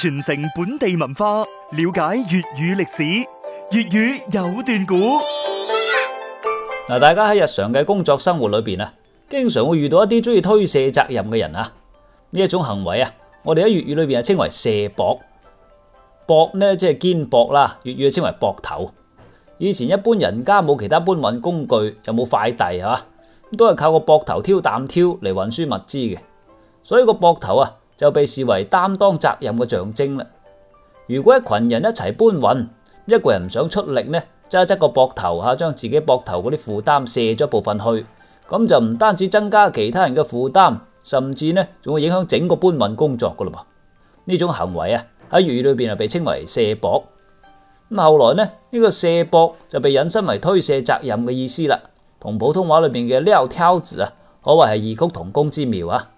傳承本地文化，了解粵語歷史。粵語有段古，嗱，大家喺日常嘅工作生活裏邊啊，經常會遇到一啲中意推卸責任嘅人啊。呢一種行為啊，我哋喺粵語裏邊啊稱為卸膊。膊呢即係肩膊啦，粵語啊稱為膊頭。以前一般人家冇其他搬運工具，又冇快遞係嘛，都係靠個膊頭挑擔挑嚟運輸物資嘅，所以個膊頭啊。就被視為擔當責任嘅象徵啦。如果一群人一齊搬運，一個人唔想出力呢，揸側個膊頭嚇，將自己膊頭嗰啲負擔卸咗部分去，咁就唔單止增加其他人嘅負擔，甚至呢，仲會影響整個搬運工作噶啦噃。呢種行為啊，喺粵語裏邊啊，被稱為卸膊。咁後來呢，呢個卸膊就被引申為推卸責任嘅意思啦，同普通話裏邊嘅撂挑子啊，可謂係異曲同工之妙啊。